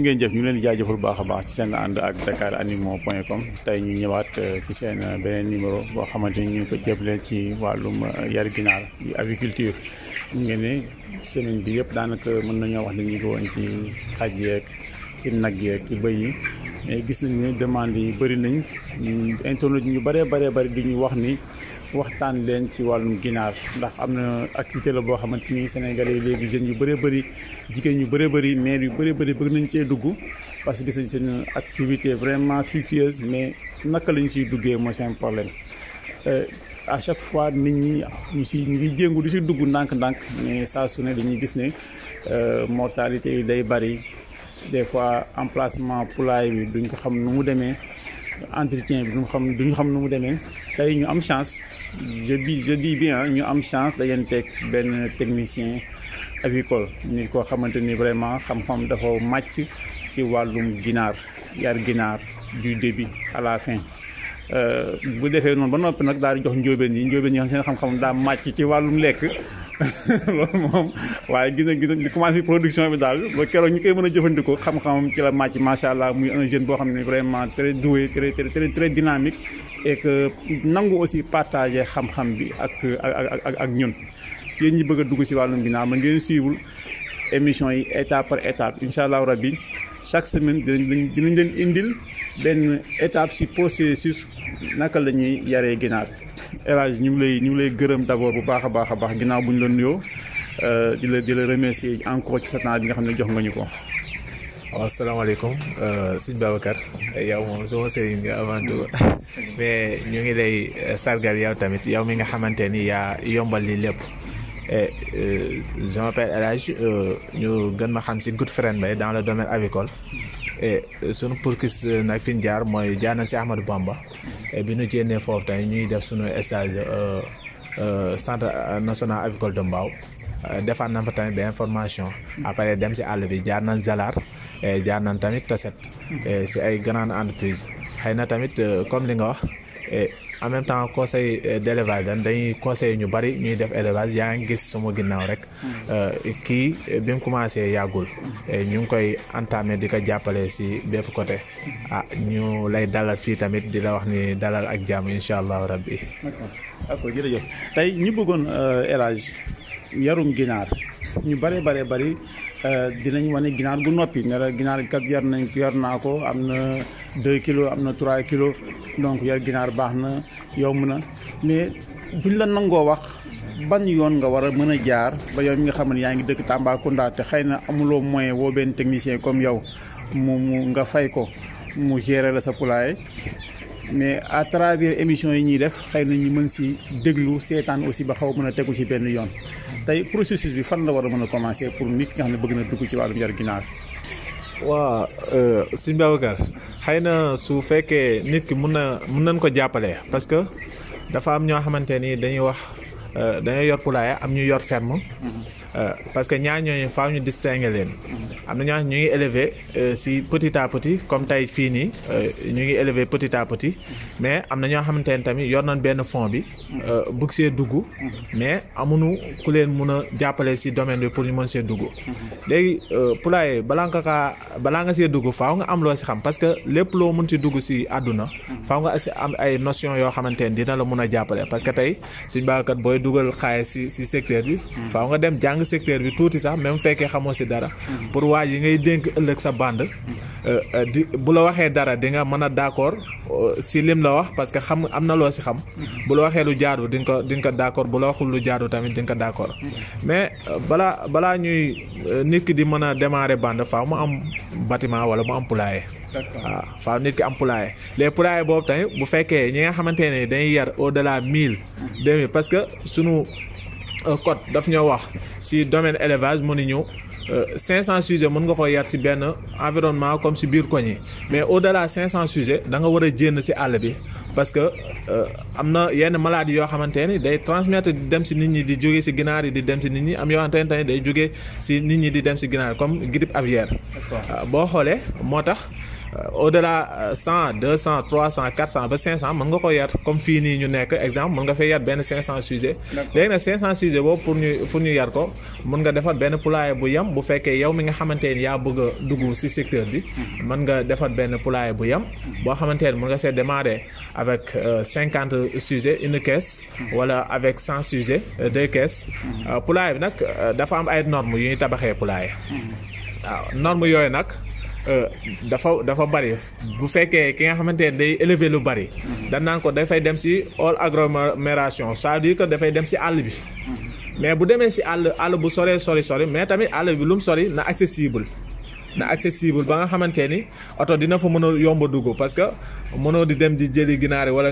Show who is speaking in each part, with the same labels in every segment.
Speaker 1: jërë ngeen jëf ñu leen di jaajëfal bu baax a baax ci seen ànd ak dakar animaux point com ñu ñëwaat euh, ci seen euh, beneen numéro boo xamante ni ñu ko jëblee ci wàllum euh, yar di aviculture ñu ngeen ne bi yëpp daanaka mën nañoo wax ne ñu ngi woon ci xaj yeeg ci nag yeeg ci bëy yi mais gis nañ demande yi bëri nañ internet ñu bëree baree bëri du ñu wax ni waxtaan leen ci wàllum ginaar ndax am na activité la boo xamante ni Sénégalais yi léegi jeunes yu bëree bëri jigéen yu bëree bëri maire yu bëree bëri bëgg nañ cee dugg parce que gis nañ seen activité vraiment fructueuse mais naka lañ siy duggee mooy seen problème euh, à chaque fois nit ñi ñu si ñu ngi jéngu di si dugg ndànk-ndànk mais saa su ne dañuy gis ne euh, mortalité yi day bari des fois emplacement poulailler bi duñ ko xam nu mu demee entretien bi duñu xam duñu xam nu mu demee tey ñu am chance je bi je dis bien ñu am chance da dajanteeg benn technicien avicole nit koo xamante ni vraiment xam-xam dafa màcc ci wàllum ginaar yar ginaar du début à la fin euh, bu defee noonu ba noppi nag daal jox njóobeen yi njóobeen yi xam seen xam-xam daa màcc ci wàllum lekk loolu moom waaye gis na gis na commencé production bi daal ba keroog ñu koy mën a jëfandikoo xam-xamam ci la màcc macha allah muy un jeune boo xam ne vraiment très doué très très très dynamique et que nangu aussi partager xam-xam bi ak ak ak ñun yéen ñi bëgg a dugg si wàllum ginnaaw ma ngeen siiwul émission yi étape par étape incha allah rabbi chaque semaine dinañ dinañ leen indil benn étape si processus naka la ñuy yaree ginaar. élage ñu ngi lay ñu ngi lay gërëm d'abord bu baax a baax a baax ginnaaw buñ ñu la nuyoo euh, di la di la remercier encore ci sa temps bi nga xam ne jox nga ñu ko.
Speaker 2: waaw asalaamaaleykum euh, sëñ Babacar yow moom suma sëriñ nga avant tout mais ñu ngi lay euh, sargal yow tamit yow mi nga xamante ni yaa yombal li lépp je m'appelle El Hadj ñu gën ma xam si Good Friend Mbaye dans le domaine avicole et sunu pourkis nag fi ñu jaar mooy jaar na si Bamba et bi ñu génnee foofu tamit ñuy def suñu stage euh, euh, centre euh, national avicole de Mbao defaat na fa tamit benn formation après dem si àll bi jaar nañ Zalaar jaar nañ tamit Taset si ay grande entreprise xëy na tamit comme li nga wax en même temps conseil euh, d' élevage dañuy conseil ñu bari ñuy def élevage yaa ngi gis sama ginnaaw rek euh, kii euh, bi mu commencé yàggul ñu ngi koy entamé di ko jàppale si bépp côté ah ñu lay dalal fii tamit di la wax ni dalal ak jàmm incha allahu rabbi
Speaker 1: d'accord jërëjëf
Speaker 2: tey élage bëggoon
Speaker 1: yarum ginaar ñu bare bare bari Euh, dinañ wane ginaar gu noppi ne la ginaar kat yar nañ yar naa ko am na 2 kilos am na 3 kilos donc yar ginaar baax na yomb na mais duñ la nangoo wax ban yoon nga war a mën a jaar ba yow mi nga xam yaa ngi dëkk Tambacounda te xëy na amuloo moyen woo benn technicien comme yow mu mu nga fay ko mu gérer la sa poulailler mais à travers émission yi ñuy def xëy na ñu mën si déglu seetaan aussi ba xaw mën a tegu ci benn yoon. tey processus bi fan la war a mën a commencer pour nit nga xam ne bëgg na dugg ci wàllum yar ginaar. si
Speaker 2: euh, sëñ gar xëy na su fekkee nit ki mun na mun nañ ko jàppale parce que dafa am ñoo xamante ni dañuy wax euh, dañoo yor poulailler am ñu yor ferme. Euh, parce que ñaar ñooñu faaw ñu distinguer leen. am na ñoo xam ñu ngi élever si petit à comme tey fii nii ñu ngi élever petit à mais am na ñoo xamante ne tamit yor nañ benn fond bi euh, bëgg dugg mais amunu ku leen mun a jàppale si domaine bi pour ñu mën see dugg léegi euh, poulailler balaa nga kaa balaa nga see dugg faaw nga am loo si xam parce que lépp loo mun si dugg si àdduna faaw nga si am ay notion yoo xamante dina la mun a parce que dugal xaaye si si secteur bi faaw nga dem jang secteur bi tuuti sax même fekkee xamoo si dara pour waa yi ngay dénk ëllëg sa bande euh, bu la dara di nga dakor silim d' lim la la wax parce que xam amna lo ci xam mm-hmm. bu la waxé lu jaadu di ko di ko d'accord bu la waxul lu jaadu tamit di ko d'accord mm-hmm. mais euh, bala bala ñuy euh, nit ki di mëna démarrer bande fa mu am bâtiment wala mu am poulailler ah, fa nit ki am poulailler les poulailler bobu tamit bu fekkee ñi nga xamanté né dañuy yar au delà 1000 demi parce que suñu euh, code daf ñoo wax si domaine élevage mënuñu 500 euh, sujets mën nga ko yar ci benn environnement comme ci biir koñ yi mais au-delà 500 sujets da nga war a jénn ci àll bi parce que euh, am na yenn maladies yoo xamante ni day transmettre di dem ci nit ñi di jóge ci ginaar yi di dem ci nit ñi am yoo xamante ne day jóge ci nit ñi di dem ci ginaar comme grippe aviaire. Euh, boo xoolee moo tax. au delà 100 200 300 400 500 ba nga ko yar comme fii ñu nekk exemple mën nga fay yar benn 500 sujet léegi nag pour ñu pour ñu yar ko mën nga bu bu yow mi nga ni a secteur bi mhm. mën nga defar benn poulailler bu yam mhm. boo xamante nga démarré avec 50 euh, sujets une caisse mhm. wala avec 100 sujets euh, deux caisses euh, poulailler bi nag dafa am ay normes yu ñuy tabaxee poulailler waaw normes yooyu euh, dafa dafa bari bu fekkee ki nga xamante ne day élever lu bari danaan si agglomération c'est-à-dire que dem si àll bi mais si bu mais tamit bi na accessible na accessible ba nga ni dina fa a yomb parce que mënoo di dem di wala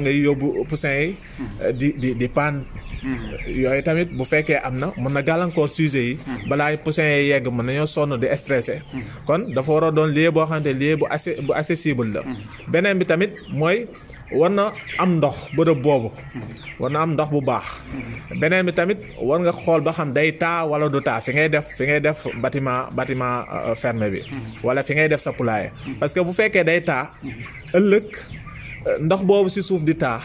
Speaker 2: il euh, tamit bu fekkee am na mën na gàllankoor sujet yi balaay poussin yi yegg mën nañoo sonn stressé kon dafa war a doon lié boo xamante lié bu accessible la beneen bi tamit mooy war am ndox bërëb boobu war am ndox bu baax tamit day wala def fi def bâtiment bâtiment euh, fermé bi wala fi sa parce que bu day ndox boobu si suuf di taa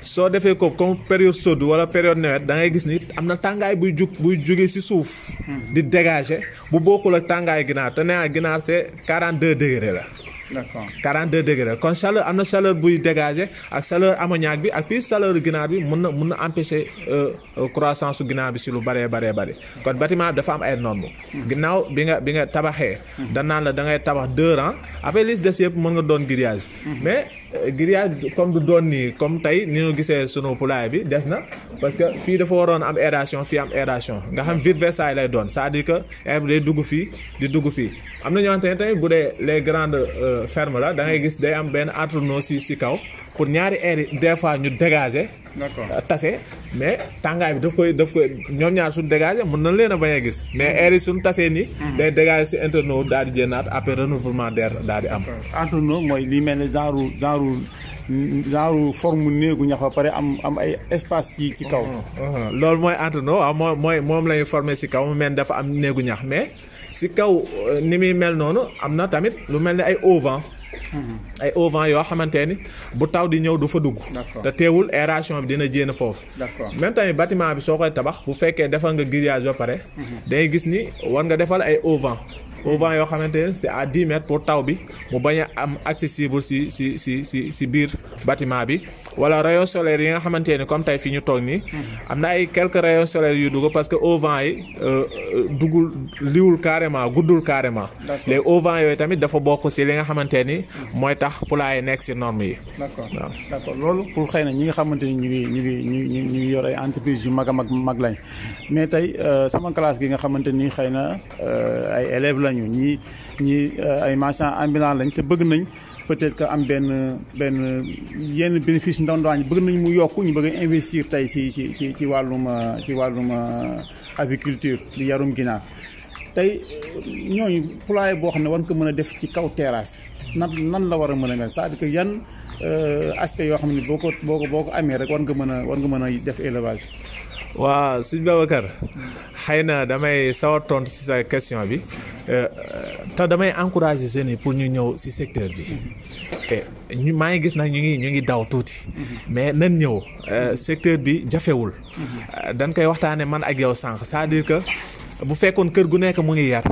Speaker 2: soo defee ko comme période soddu wala période nawet da ngay gis ni am na tàngaay buy jug buy juge si suuf. di dégager bu bokkul ak tàngaay ginaar te nee naa ginaar c'est 42 degré la. d'accord 42 degré kon chaleur am na chaleur buy dégager ak chaleur ammoniaque bi ak puis chaleur ginaar bi mun na mun na empêcher euh, croissance su ginaar bi si lu bëree bëree bëri kon batiment dafa am ay normes. ginnaaw bi nga bi nga tabaxee. Mhm. danaan la da ngay tabax deux rangs après li des mën nga doon grillage mhm. mais. grillage comme du doon nii comme tey ni ñu gisee sunu poulailler bi des na parce que fii dafa waroon am ération fii am ération nga xam vide versailles lay doon c'est-à-dire que air bi dugg fii di dugg fii am na ñoo xamante ne tamit bu dee les grandes euh, fermes la da ngay gis day am benn entonnoir si si kaw pour ñaari air yi des fois ñu dégager. Euh, tase mais tàngaay bi daf koy daf koy ñoom ñaar suñ dégager mun na leen a bañ a gis. mais mm-hmm. air suñ suñu tasee nii. Mm-hmm. day dégager si internaute daal di jénnaat après renouvellement d'air daal di am.
Speaker 1: internaute mooy li mel ne genre genre genre forme néegu ñax ba pare am am ay espace ci ci kaw.
Speaker 2: Mm-hmm. loolu mooy internaute waaw mooy moom la ñuy si kaw mu mel dafa am néegu ñax mais si kaw euh, ni muy mel noonu am na tamit lu mel ni ay auvents. ay auvents vent yo xamanteni bu taw di ñew du fa dugg da teewul aération bi dina jéne fofu même tamit bâtiment bi sokoy tabax bu féké défa nga grillage ba paré mhm. day gis ni war nga défal ay vent mhm. auvents vent yo xamanteni c'est à 10 mètres pour taw bi mu baña am accessible si si si si si biir bâtiment bi wala rayon solaire yi nga xamante ne comme tey fii ñu toog nii. am na ay quelques rayons solaires yu dugg parce que auvent yi euh, duggul liwul carrément guddul carrément. les auvent yooyu tamit dafa bokk si li nga xamante ni mooy tax poulailler yi nekk si normes yi. d'accord d'accord loolu pour xëy na ñi nga xamante ni ñu
Speaker 1: ngi ñu ngi ñu ngi ñu ngi yor ay entreprise yu mag a mag mag lañ mais tey euh, sama classe gi nga xamante ni xëy na euh, ay élèves lañu ñii ñi ay marchands ambulants lañ te bëgg nañ. peut-être que am benn benn yenn bénéfice ndaw bëgg nañu mu yokk ñu bëgg investir tey si si si ci wàllum ci wàllum aviculture di yarum ginaar tey ñooñu poulailler boo xam ne war nga ko mën a def ci kaw terrasse nan nan la war a mën a mel c'est-à-dire que yan euh, aspect yoo xam ne boo ko boo ko boo ko amee rek war nga
Speaker 2: mën a war nga mën a def élevage waaw sëñ Babacar xëy na damay sawar tontu si sa question bi euh, euh, te damay encourager jeunes yi pour ñu ñëw si secteur bi ñu maa ngi gis nag ñu ngi ñu ngi daw tuuti mais nan ñëw euh, secteur bi jafewul dañ koy waxtaane man ak yow sànq c'est-à-dire que bu fekkoon kër gu nekk mu ngi yar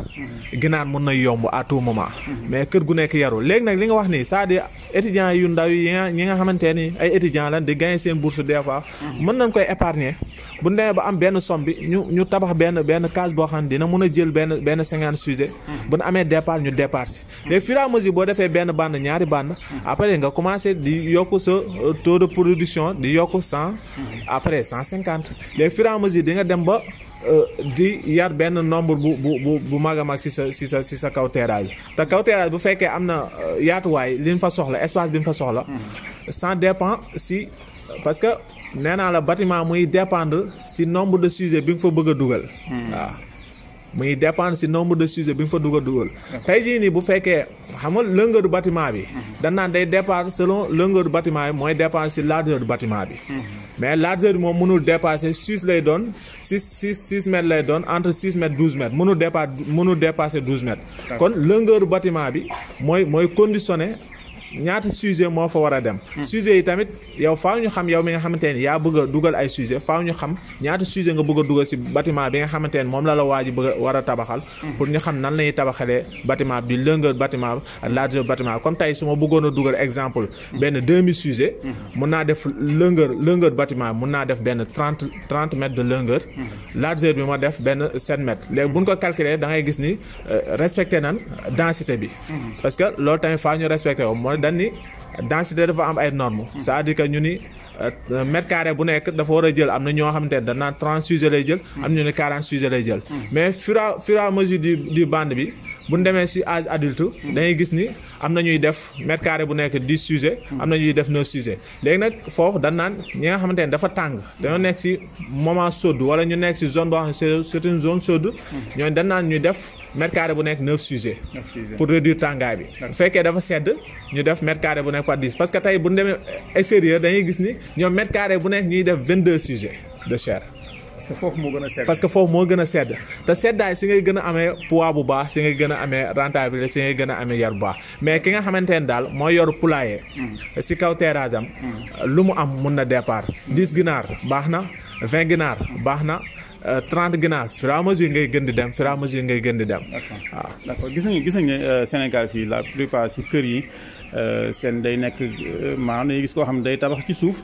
Speaker 2: ginaar mën na yomb à tout moment mais kër gu nekk yarul léegi nag li nga wax nii c'est-à-dire étudiants yu ndaw yi nga ñi nga xamante ni ay étudiants lan di gagner seen bourse des fois mën nañ koy épargner buñ demee ba am benn somme bi ñu ñu tabax benn benn case boo xam dina mun a jël benn benn cinquante sujet hmm. bu ñu amee départ ñu départ si hmm. mais fur et à mesure boo defee benn bande ñaari bande hmm. après nga commencé di yokk sa euh, taux de production di yokk 100 après 150 cinquante mais fur et à mesure di nga dem ba euh, di yar benn nombre bu bu bu bu mag a mag si sa si sa si sa kaw terrasse te kaw terrasse bu fekkee am na euh, yaatuwaay li ñu fa soxla espace bi ñu fa soxla sans dépend si parce que nee naa la batiment muy dépendre si nombre de sujets bi mu fa bëgg a dugal. Hmm. waaw muy dépendre si nombre de sujets bi mu fa bëgg a dugal. tey jii nii bu fekkee xamal nga batiment bi. Hmm. dañ naan day dépendre selon longueur batiment bâtiment bi mooy dépendre si largeur du bâtiment bi. Hmm. mais largeur bi moom mënul dépasser six lay doon six six six mètres lay doon entre six mètres douze mètres mënul dépasse mënul kon longueur batiment bi mooy mooy conditionné. ñaata sujet moo fa war a dem. Hmm. sujet yi tamit yow faaw ñu xam yow mi nga xamante ni yaa bëgg dugal ay sujet faaw ñu xam ñaata sujet nga bëgg a dugal si bâtiment bi nga xamante ni moom la la waa ji bëgg a war a tabaxal. Hmm. pour ñu xam nan la ñuy tabaxalee bâtiment bi longueur bâtiment bi ak largeur bâtiment comme tey su ma bëggoon a dugal exemple. benn 2000 hmm. sujet. mun naa def longueur longueur bâtiment bi mun naa def benn 30 30 mètres de longueur. largeur bi ma def benn 7 mètres bu ko calculer da ngay gis ni euh, respecté nan densité bi. dañ ni densité dafa am ay normes cest à ñu ni euh, mètre bu nekk dafa war a jël am na ñoo xamante ne danaan trente sujets lay jël am ñu ne quarante sujets lay jël hmm. mais fur à fur à mesure du du bande bi bu ñu demee si âge adulte hmm. dañuy gis ni am na ñuy def mètre carré bu nekk dix sujets hmm. am na ñuy def neuf sujets léegi nag foofu dañ naan ñi nga xamante ne dafa tàng dañoo nekk si moment soddu wala ñu nekk si zone boo xam ne c'est zone soddu ñooñu dañ naan ñuy mètre carré bu nekk 9 sujets. pour réduire tàngaay bi. bu fekkee dafa sedd ñu def mètre carré bu nekk par 10 parce que tey bu ñu demee extérieur dañuy gis ni ñoom mètre carré bu nekk ñuy def 22 sujets de chair. parce que foofu moo gën a sedd. parce que foofu moo gën a sedd te seddaay si ngay gën a amee poids bu baax si ngay gën a amee rentabilité si ngay gën a amee yar bu baax mais ki nga xamante ne daal moo yor poulailler. Mm. si kaw terrasse am.
Speaker 1: Mm.
Speaker 2: lu mu am mun na départ. 10 ginaar baax na 20 ginaar baax na. 30 euh, ginaar fur et à mesure ngay gën di dem fur et à mesure ngay gën di dem. waaw
Speaker 1: d' accord gis nañu gis nañu euh, Sénégal fii la plupart si kër yi euh, seen day nekk maanaam dañuy gis koo xam ne day tabax ci suuf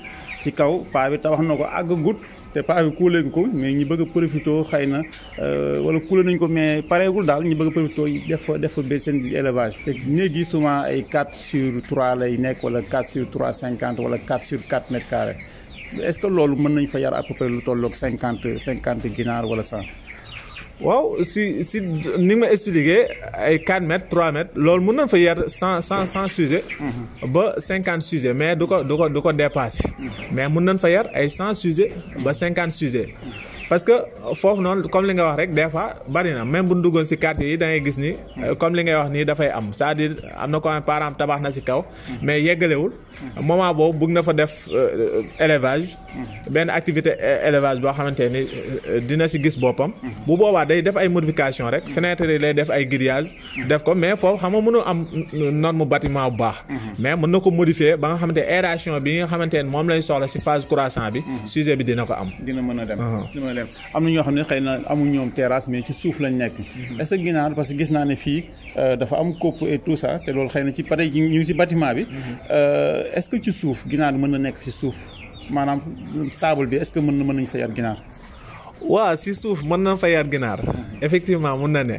Speaker 1: ci kaw paa bi tabax na ko àgg gut te paa bi kuulee ko mais ñi bëgg a profité xëy na wala kuule nañ ko mais pareegul daal ñi bëgg a profité def fa def fa ba seen élevage. te néeg yi ay 4 sur 3 lay nekk wala 4 sur 3 50 wala 4 sur 4 mètres carrés. est-ce que loolu mën nañ fa yar à peu près lu tolloog cinquante cinquante ginaar wala cent waaw
Speaker 2: si si ni nga ma expliqué ay 4 mètres 3 mètres loolu mën nañ fa yar 100 sujets. Mhm. ba 50 sujets mais du ko du ko du dépassé. Mhm. mais mën nañ fa yar ay 100 sujets ba 50 sujets. parce que foofu noonu comme li nga wax rek des fois bari même bu ñu duggoon ci quartier yi da ngay gis ni. Mhm. comme li ngay wax nii dafay am c'est-à-dire am na ko par exemple tabax na ci kaw. mais yeggalewul. moment boobu des na fa def euh, euh, élevage. benn activité élevage boo xamante ni euh, dina ci gis boppam. bu boobaa day def ay modification rek fenêtre yi lay def ay grillage def ko mais foofu xam nga mënu am norme bâtiment bu baax mais mën na ko modifier ba nga xamante aération bi nga xamante ne moom lay soxla si phase croissant bi sujet bi dina ko am dina
Speaker 1: mën a dem dina mën a dem
Speaker 2: am na ñoo xam ne xëy na amuñ ñoom terrasse mais ci suuf
Speaker 1: lañ nekk est-ce que ginaar parce que gis naa ne fii dafa am kopp et tout ça te loolu xëy na ci pare ñu ngi si bâtiment bi est-ce que ci suuf ginaar mën na nekk ci suuf maanaam
Speaker 2: sable bi est-ce que mën na mën nañ fa yar ginaar waa si suuf mën na fa yar ginaar effectivement mun na ne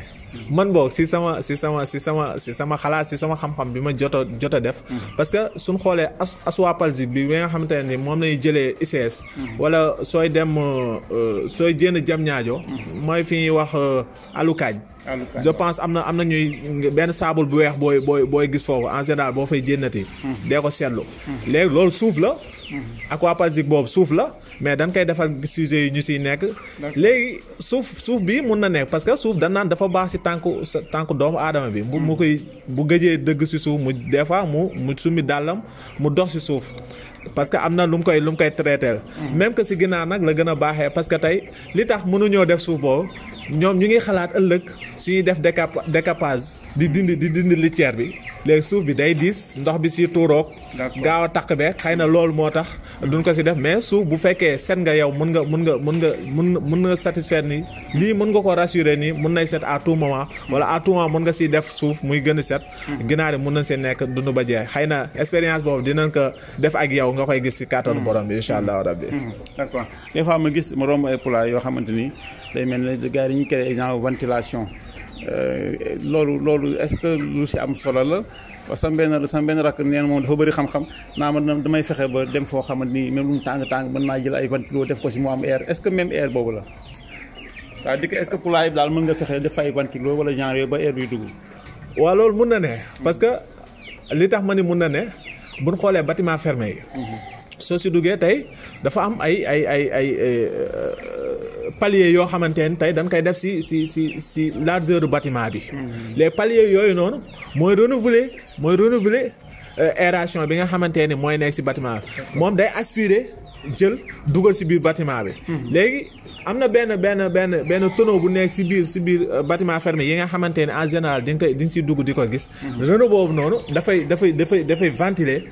Speaker 2: man boo si sama si sama si sama si sama xalaat si sama xam-xam bi ma jot a jot a def mm-hmm. parce que suñ xoolee as aswapalsi bi bi nga xamante ne ni moom lañuy jëlee ICS mm-hmm. wala sooy dem euh, euh, sooy jénn jam ñaajo mm-hmm. mooy fi ñuy wax euh, alukaaj je pense am na am na ñuy benn saabul bu weex booy booy booy gis foofu en général boo fay jénnati dee ko seetlu léegi loolu suuf la aquapargique boobu suuf la mais dañ koy defal sujet yi ñu siy nekk. léegi suuf suuf bi mun na nekk parce que suuf dañ naan dafa baax si tànk sa doomu aadama bi. mu mu hmm. koy bu gëjee dëgg si suuf mu des fois mu mu summi dàllam mu dox si suuf. parce que am na lu mu koy lu mu koy traité hmm. même que si ginnaaw nag la gën a baaxee parce que tey li tax mënuñoo def suuf boobu. ñoom ñu ngi xalaat ëllëg suñuy def décap décapage di dindi di dindi litière bi léegi suuf bi day diis ndox bi si tuuroog gaaw a taq be xëy na loolu moo tax duñ ko si def mais suuf bu fekkee set nga yow mën nga mën nga mën nga mën mën nga satisfaire ni lii mën nga ko rassurer nii mën nay set à tout moment wala à tout moment siy def suuf muy gën a set hmm. ginaar yi mën nañ nekk dund ba jeex xëy na expérience boobu dinañ ko def ak yow nga koy gis si kàttanu hmm. borom bi incha allahu rabbi hmm. d'accord des fois ma ay pulaay yoo xamante ni day mel ne gars yi dañuy créer exemple
Speaker 1: ventilation euh, loolu loolu est-ce que lu si am solo la parce que benn sama benn rakk neen moom dafa bëri xam-xam naa ma damay fexe ba dem foo xaman ni même lu mu tàng tàng mën naa jël ay ventilo def ko si mu am air est-ce que même air boobu la c'est-à-dire que est-ce daal mën nga
Speaker 2: fexe def ay ventilo wala genre yooyu ba air bi dugg. waa loolu mun na ne. parce que li tax ma ni mun na ne bu ñu xoolee bâtiment fermé yi. Mm-hmm. soo si duggee tey dafa am ay ay ay ay euh, euh, palier yoo xamante ne tey dañ koy def si si si si largeur du bâtiment bi. Mm-hmm. les paliers yooyu noonu mooy renouveler mooy renouveler euh, aération bi nga xamante ne mooy nekk si batiment bi. moom day aspirer jël dugal si biir batiment bi. Mm-hmm. léegi am na benn benn benn benn tonneau bu nekk si biir si biir euh, bâtiment fermé yi nga en général di nga di nga dugg ventiler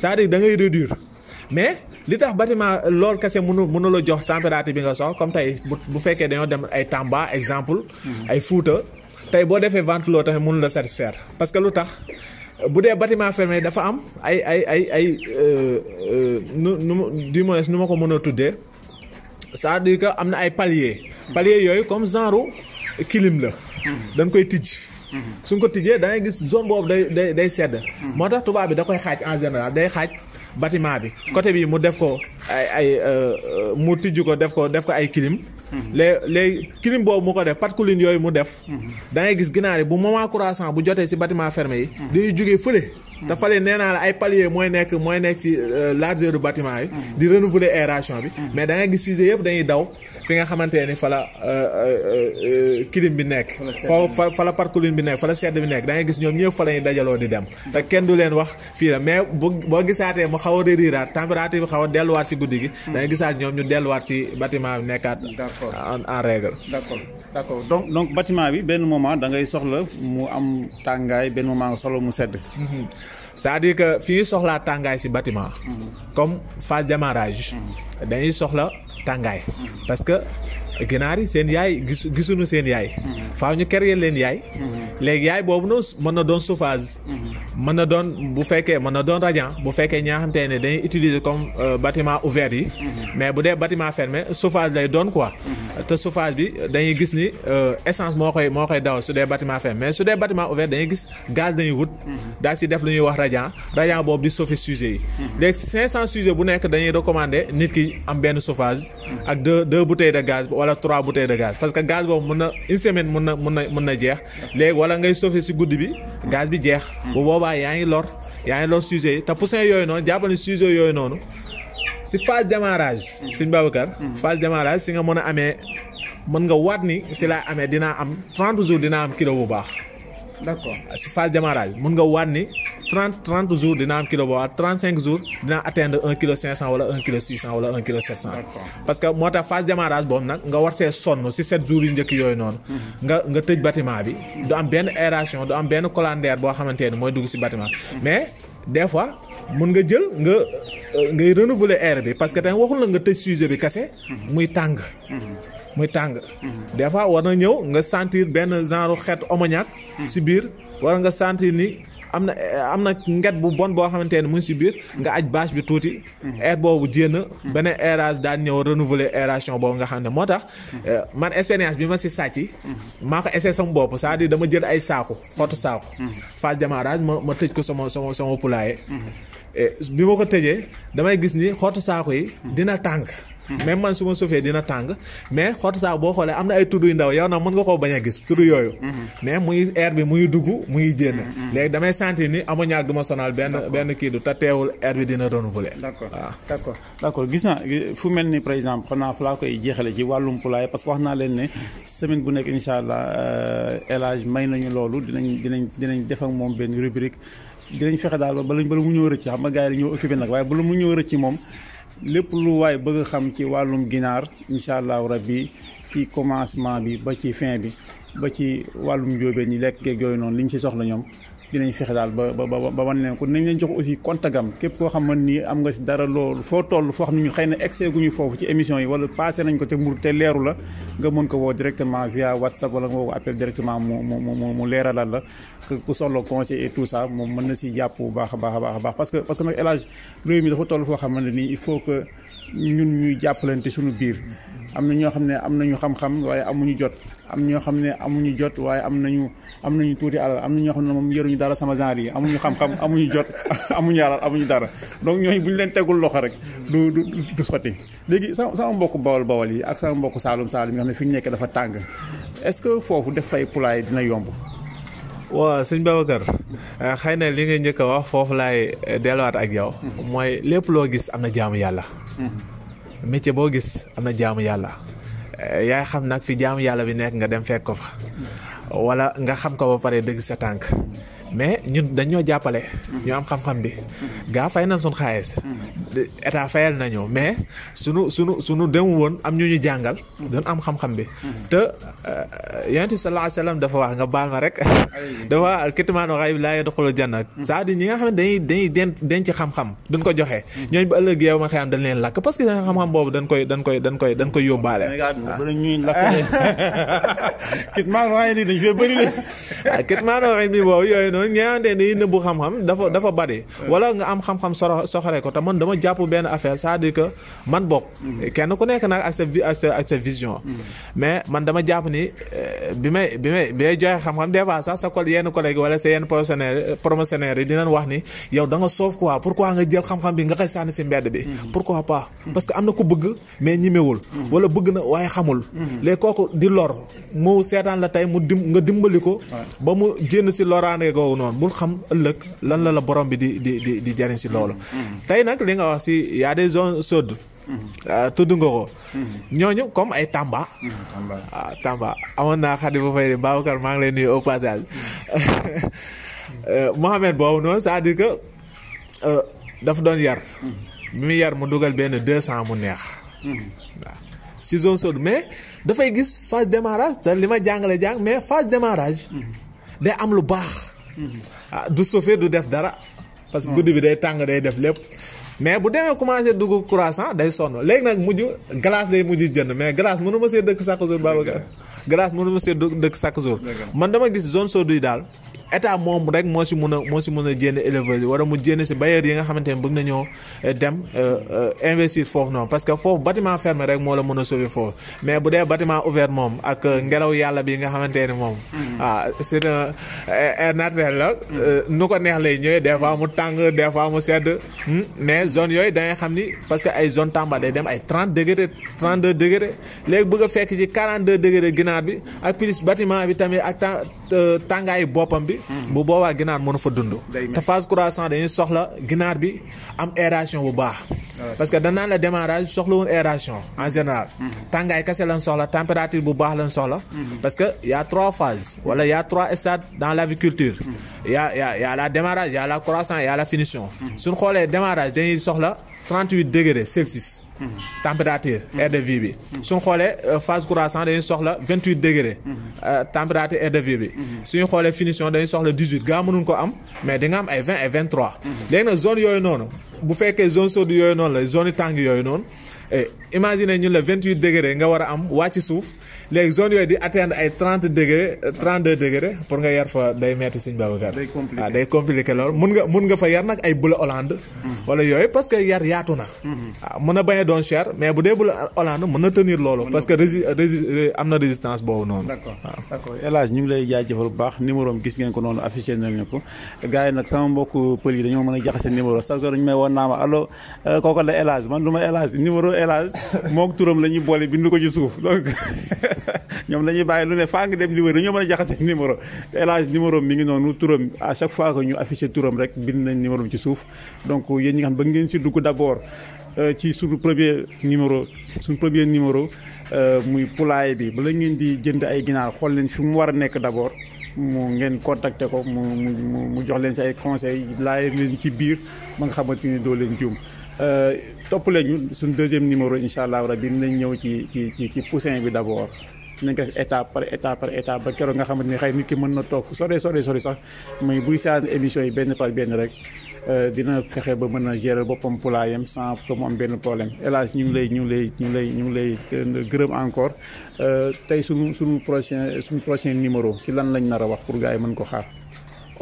Speaker 2: c'est-à-dire mais. li tax bâtiment kese la température bi nga comme tey bu fekkee dañoo dem ay Tamba exemple. Mhm. ay tey boo satisfaire parce que bu dee bâtiment fermé dafa am ay ay ay ay euh, euh, nu nu du nu ma ko mën a tuddee c'est-à-dire am na ay palier palier yooyu comme genre clim la dañ koy tijj suñ ko tijjee dangay gis zone boobu day day day sedd moo tax tubaab bi da koy xaaj en général day xaaj batiment bi côté bi mu def ko ay ay euh, mu tijj ko def ko def ko ay clim Mhm. les les crime boobu mu ko def patkulin yooyu mu def mhm. da ngay gis ginaar yi bu moment croissant bu jotee si bâtiment fermé yi mhm. day jógee fële te fale nee naa la ay palier mooy nekk mooy nekk ci euh, largeur du bâtiment yi di renouveler aération bi mais da ngay gis sujet yëpp dañuy daw fi nga xamantene ni fa la euh, euh, euh, kilim bi nek fa fa la parkuline bi nek fa la sedd bi nek da nga gis ñom ñepp fa la dajalo di dem te kenn du len wax fi la mais bo gisate mu xaw a rira température bi xaw a delluwaat si guddigi da nga gisaat ñom ñu delluwaat si bâtiment bi nekkat en règle d'accord d'accord donc donc bâtiment bi ben moment da ngay soxla mu am tangay ben moment nga soxla mu sedd mm-hmm. c'est à dire que fi soxla tangay si bâtiment mm-hmm. comme phase démarrage mm-hmm. dañuy soxla tàngaay parce que ginaar yi seen yaay gisu gisuñu seen yaay mm-hmm. faaw ñu créer leen yaay mm-hmm. léegi yaay boobu noonu mën na doon chauffage mm-hmm. mën na doon bu fekkee mën na doon radiant bu fekkee ñi ne dañuy utiliser comme euh, bâtiment ouvert yi. Mhm. mais bu dee bâtiment fermé chauffage lay doon quoi. Mhm. te chauffage bi dañuy gis ni euh, essence moo koy moo koy daw su dee bâtiment fermé mais su dee bâtiment ouvert dañuy gis gaz dañuy wut. Mhm. daa si def lu ñuy wax radiant radiant boobu di chauffer sujet yi. léegi 500 sujet bu nekk dañuy recommander nit ki am benn chauffage. ak deux deux bouteilles de gaz wala trois bouteilles de gaz parce que gaz boobu mën na une semaine mën na mën na mën na jeex léegi wala ngay chauffer si guddi bi gaz bi jeex boobaa yaa ngi lor yaa ngi lor sujet yi te poussin yooyu noonu jàpp ne sujet yooyu noonu si phase démarrage. suñ Babacar. phase démarrage si nga mën a amee mën nga waat ni si laa amee dinaa am 30 jours dinaa am kilo bu baax. d'accord si phase démarrage mën nga waat ni 30 30 jours dina am kilo boobu 35 jours dina atteindre 1 kilo 500 wala 1 kilo 600 wala 1 kilo 700. parce que moi tax phase de démarrage bon, nag nga war see sonn si 7 jours yu njëkk yooyu noonu. Mhm. nga nga tëj bâtiment bi. du am benn aération du am benn colandère boo xamante ne mooy dugg si bâtiment mhm. mais des fois mën nga jël nga euh, ngay renouveler air bi parce que tamit waxul la nga tëj sujet bi kese. Mhm. muy tàng. muy tàng. des fois war na ñëw nga sentir benn genre xeet ammoniaque. si biir war nga sentir ni. am na am na nget bu bon boo xamante ne mu si biir nga aj bâche bi tuuti. Mhm. air boobu jéem beneen aérage daan ñëw renouveler aération boobu nga xam ne moo tax. Mhm. Euh, man expérience bi ma si sàcc. Mhm. maa ko essayé sama bopp cest à dama jël ay saaku xottu saaku. phase démarrage ma ma tëj ko sama sama sama poulailler. bi ma ko tëjee damay gis ni xottu saaku yi dina tàng. même man su ma sofee dina tàng mais xottu saabu boo xoolee am na ay tudd yu ndaw yow nag mën nga koo bañ a gis tudd yooyu mais muy air bi muy dugg muy génn léegi damay sentir ni ammoniaque du ma sonal benn benn kii du te teewul air bi dina renouveler d'accord d'accord d'accord gis naa fu mel ni par
Speaker 1: exemple xam naa fa laa koy jeexale ci wàllum pulaay parce que wax naa leen ne semaine bu nekk insha allah élage euh, may nañu loolu dinañ dinañ dinañ def ak moom benn rubrique dinañ fexe daal ba bala mu ñëw rëcc xam nga gars yi la ñoo occupé nag mu ñëw rëcc moom lépp lu waaye bëgg xam ci wàllum ginaar incha allahu bi ci commencement bi ba ci fin bi ba ci wàllum njóobeen yi lekk geeg noonu li liñ ci soxla ñoom dinañ fexe daal ba ba ba wan leen ko nañ jox aussi kontagam képp koo xam ne nii am nga si dara loolu foo toll foo xam ne ñu xëy na excès gu ñu foofu ci émission yi wala passé nañ ko te mu te leeru la nga mën ko woo directement via whatsapp wala nga woo ko appel directement mu mu mu mu leeralal la ku solo conseil et tout ça moom mën na si jàpp bu baax baax baax parce que parce que nag El Hadj réew mi dafa toll foo xam ne nii il faut que ñun ñuy jàppalante suñu biir. am na ñoo xam ne am nañu xam-xam waaye amuñu jot am ñoo xam ne amuñu jot waaye am nañu am nañu tuuti alal am na ñoo xam ne moom yëruñu dara sama genre yi amuñu xam-xam amuñu jot amuñu alal amuñu dara donc ñooñu bu ñu leen tegul loxo rek du du sotti léegi sama sama mbokku bawal bawal yi ak sama mbokku saalum saalum yi nga xam ne fi ñu nekk dafa tàng est-ce que foofu def fay poulailler
Speaker 2: dina yomb. waaw sëñ Babacar euh, xëy na li nga njëkk a wax foofu laay euh, delluwaat ak yow. Mm-hmm. mooy lépp loo gis am na jaamu yàlla. Mm-hmm. métier boo gis am na jaamu yàlla eh, yaay xam nag fi jaamu yàlla bi nekk nga dem fekk ko fa wala nga xam ko ba pare dëgg sa tànk mais ñun dañoo jàppale ñu am xam-xam bi gaa fay nañ sun xaalis état fayal nañu mais sunu sunu sunu demu woon am ñu ñu jàngal. doon am xam-xam bi. te euh, yonent bi sallallahu alayhi wa sallam dafa wax nga baal ma rek. dafa kitmaanu xayb laa yadxulul janna. Hmm. c'est-à-dire ñi nga xam ne dañuy dañuy ko joxe. Hmm. ñooñu ba ëllëg yow ma xëy dañ leen lakk parce que seen xam-xam boobu dañ koy dañ koy dañ koy dañ koy yóbbaale. Ah. kitmaanu xayb nii dañ fee bëri de. ah kitmaanu yooyu noonu ñi nga nëbbu xam-xam dafa bari hmm. wala nga am xam-xam soxore ko te man dama jàpp ben affaire c'est-à-dire que man bok kenn ku nek nak ak sa ak sa ak sa vision. mais man dama jàpp ni euh, bi may bi may bi may xam-xam des fois sax sa ko yenn collègue wala sa yenn promotionnaire euh, promotionnaire yi dinañ wax ni yow da nga sauf quoi pourquoi nga jël xam-xam bi nga koy sànni si mbedd bi. pourquoi pas parce que amna ko bëgg mais ñimewul. wala bëgg na waaye xamul. les kooku di lor mu seetaan la tay mu dim nga dimbali ko. ba mu jénn si loraange googu non bul xam ëllëg lan la la borom bi di di di di jariñ si loolu. Mm. tey nag li nga wax si y a des zones chaudes mhm. ah, tudd nga ko mhm. ñooñu comme ay mhm, tamba ah tamba amoon naa xadi bu fay Babacar maa ngi lay nuyu au passage eh, Mohamed boobu noonu c'est à dire que euh, daf doon yar bi muy yar mu dugal benn 200 mu neex waaw si zone chaude mais dafay gis phase démarrage te li ma jàngale jàng mais phase démarrage day am lu baax ah, du sauver du def dara parce que guddi bi day tàng day def lépp mais bu demee commencé dugg croissant day sonn léegi nag mujj glace lay mujj jënd mais glace mënu ma dëkk chaque jour Babacar glace mënu ma see dëkk chaque jour man dama gis zone soo yi daal état moom rek moo si mun a moo si mun a jénne éleveurs yi wala mu jénne si bailleurs yi nga xamante ne bëgg nañoo eh, dem eh, eh, investir foofu noonu parce que foofu batiment fermé rek moo la mën a sauver foofu mais bu dee batiment ouvert moom ak ngelaw yàlla bi nga xamante ne moom mm-hmm. ah c'est un air naturel la mm-hmm. nu ko neex lay ñëwee des fois mu tàng des fois mu sedd hmm? mais zone yooyu da ngay xam ni parce que ay zone Tamba day dem ay 30 degré 32 degré léegi bëgg a fekk ci 42 degré ginaar bi ak plus bi tamit ak euh, tàngaayu boppam bi bu boobaa ginar mënu fa dund te phase croissant dañuy soxla ginar bi am aération bu baax parce que danaan la démarrage soxla won aération en général mm-hmm. tangay kasse lañ soxla température bu baax lañ soxla mm-hmm. parce que il y a trois phases wala y a trois stades dans l'aviculture mm-hmm. y a y a y a la démarrage il y a la croissance y a la finition suñ xolé démarrage dañuy soxla 38 degrés Celsius température et de vie. Si on une phase croissante, on sort 28 degrés. Euh, température et de vie. Si on une finition, on sort 18 degrés. Mais on a 20 et 23. a la zone, vous faites que la zone soit la zone tangue. Eh, imagine ñun la 28 degré nga war a am wàcc suuf léegi zone yooyu di atteindre ay 30 degré 32 eh, degré pour nga yar fa day metti Sëñ Babacar. day compliqué waaw ah, loolu mun nga fa yar nag ay bula Hollande. Mhm. wala yooyu parce que yar yaatu na. waaw mhm. ah, mën a bañ doon cher mais bu dee bula Hollande mën na tenir loolu. parce que rési rési am na résistance boobu noonu. d'accord ah. ñu ngi lay
Speaker 1: jaajëfal bu baax numéro gis ngeen ko noonu affiché nañu ko gars a El moo moog turam la ñuy boole bind ko ci suuf donc ñoom dañuy bàyyi lu ne faa ngi dem di wër dañoo mën a jaxase numéro te El Hadj mi ngi noonu turam a chaque fois que ñu affiché turam rek bind nañ numéro ci suuf donc yéen ñi nga ba ngeen si dugg d'abord euh, ci suñu premier numéro suñu premier numéro euh, muy poulailler bi bala ngeen di jënd ay ginaar xool leen fi mu war a nekk d'abord mu ngeen contacter ko mu mu jox leen si ay conseil laaj leen ci biir ba nga xamante ni doo leen juum. Euh, topp leen ñu suñ deuxième numéro incha allah rabi nañ ñëw ci ci ci ci poussin bi d' abord nañ ko def étape par étape par étape ba keroog nga xamante ni xay nit ki mën na toog fu sore sore sori sax muy buy saan émission yi benn par benn rek euh, dina fexe ba mën na gérer boppam pulaayam sans que mu benn problème hélas ñu ngi lay ñu ngi lay ñu ngi lay ñu ngi lay gërëm encore euh, tey suñu suñu prochain suñu prochain numéro si lan lañ nar a wax pour gars yi mën ko xaar.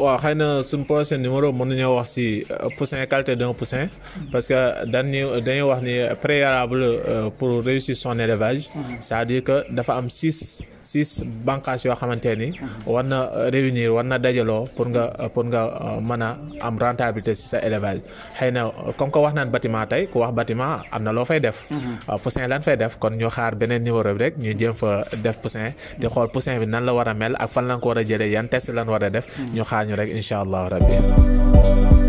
Speaker 2: waaw xëy na suñu prochain numéro mën nañoo wax si euh, poussin qualité d'un poussin parce que dañu dañuy wax ni préalable euh, pour réussir son élevage mm-hmm. c'est-à-dire que dafa am 6 six bànqaas yoo xamante ni war na euh, réunir war na dajaloo pour nga euh, pour nga euh, mën a am rentabilité si sa élevage xëy na comme que wax naan batiment tey ku wax bâtiment am na loo fay def mhm. poussin lan fay def kon ñu xaar beneen numéro bi rek ñu jéem fa def poussin di xool poussin bi nan la war a mel ak fan lan ko war a jëlee yan test lan war a def mhm. ñu xaar ñu rek incha allah rabbi